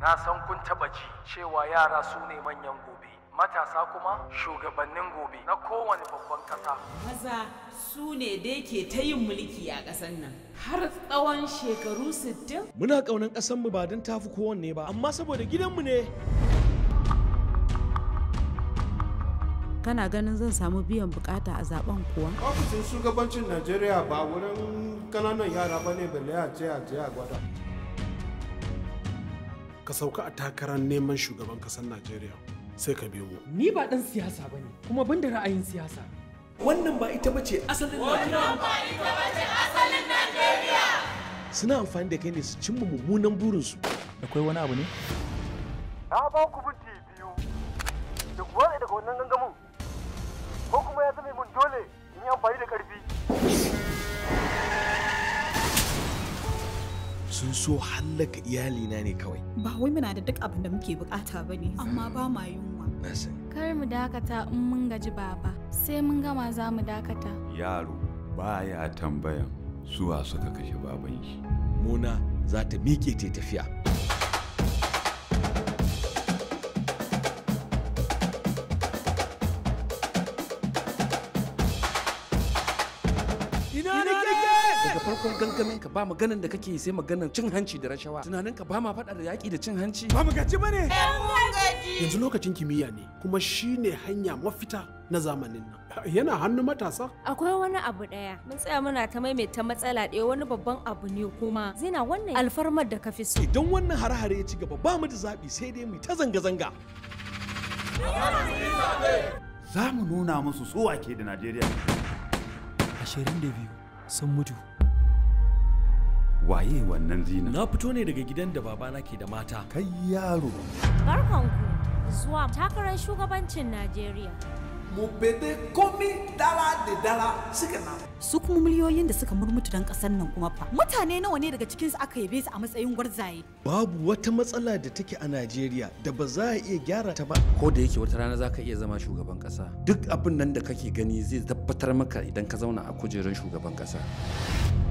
na san kun taba ji cewa yara su ne manyan gobe matasa kuma shugabannin gobe na kowane babban kasa. maza su ne da ke ta yin mulki a ƙasar nan har tsawon shekaru 60 muna ƙaunar mu ba don tafi kowanne ba amma saboda gidanmu ne kana ganin zan samu biyan bukata a zaben kuwa? Ofishin shugabancin Najeriya ba wurin kananan yara bane balle a ce a je a gwada. ka sauka a takarar neman shugaban kasar Najeriya sai ka biyo mu. Ni ba ɗan siyasa ba ne kuma ban da ra'ayin siyasa. Wannan ba ita bace asalin Najeriya. Wannan ba ita bace asalin Najeriya. Suna amfani da kai ne su cimma mummunan burinsu. Akwai wani abu ne? Na ba ku minti biyu. Da kuwa daga wannan gangamin. Ko kuma ya zame mun dole in yi amfani da ƙarfi. sun so hallaka iyalina ne kawai ba wai muna da duk abin da muke bukata ba ne amma ba ma yunwa kar mu dakata in mun gaji baba sai mun gama za mu dakata yaro ba baya tambayan suwa suka kashe baban shi muna za ta miƙe ta tafiya farkon gangamin ka ba maganan da kake sai maganan cin hanci da rashawa tunanin ka ba ma fada da yaki da cin hanci ba mu gaji bane yanzu lokacin kimiyya ne kuma shine hanya mafita na zamanin nan yana hannu matasa akwai wani abu daya mun tsaya muna ta maimaita matsala ɗaya wani babban abu ne kuma zina wannan alfarmar da ka fi so idan wannan hare-hare ya ci gaba ba mu da zabi sai dai mu ta zanga-zanga za mu nuna musu tsowa ke da najeriya 22 sun mutu waye wannan zina na fito ne daga gidan da babana ke da mata kai yaro barkanku zuwa takarar shugabancin najeriya mubede komi dala da dala suka na. Su kuma miliyoyin da suka murmutu don ƙasar nan kuma fa. Mutane nawa ne daga cikinsu aka yabe su a matsayin gwarzaye. Babu wata matsala da take a Najeriya da ba za a iya gyara ta ba. Ko da yake wata rana za ka iya zama shugaban ƙasa. Duk abin nan da kake gani zai tabbatar maka idan ka zauna a kujerar shugaban ƙasa.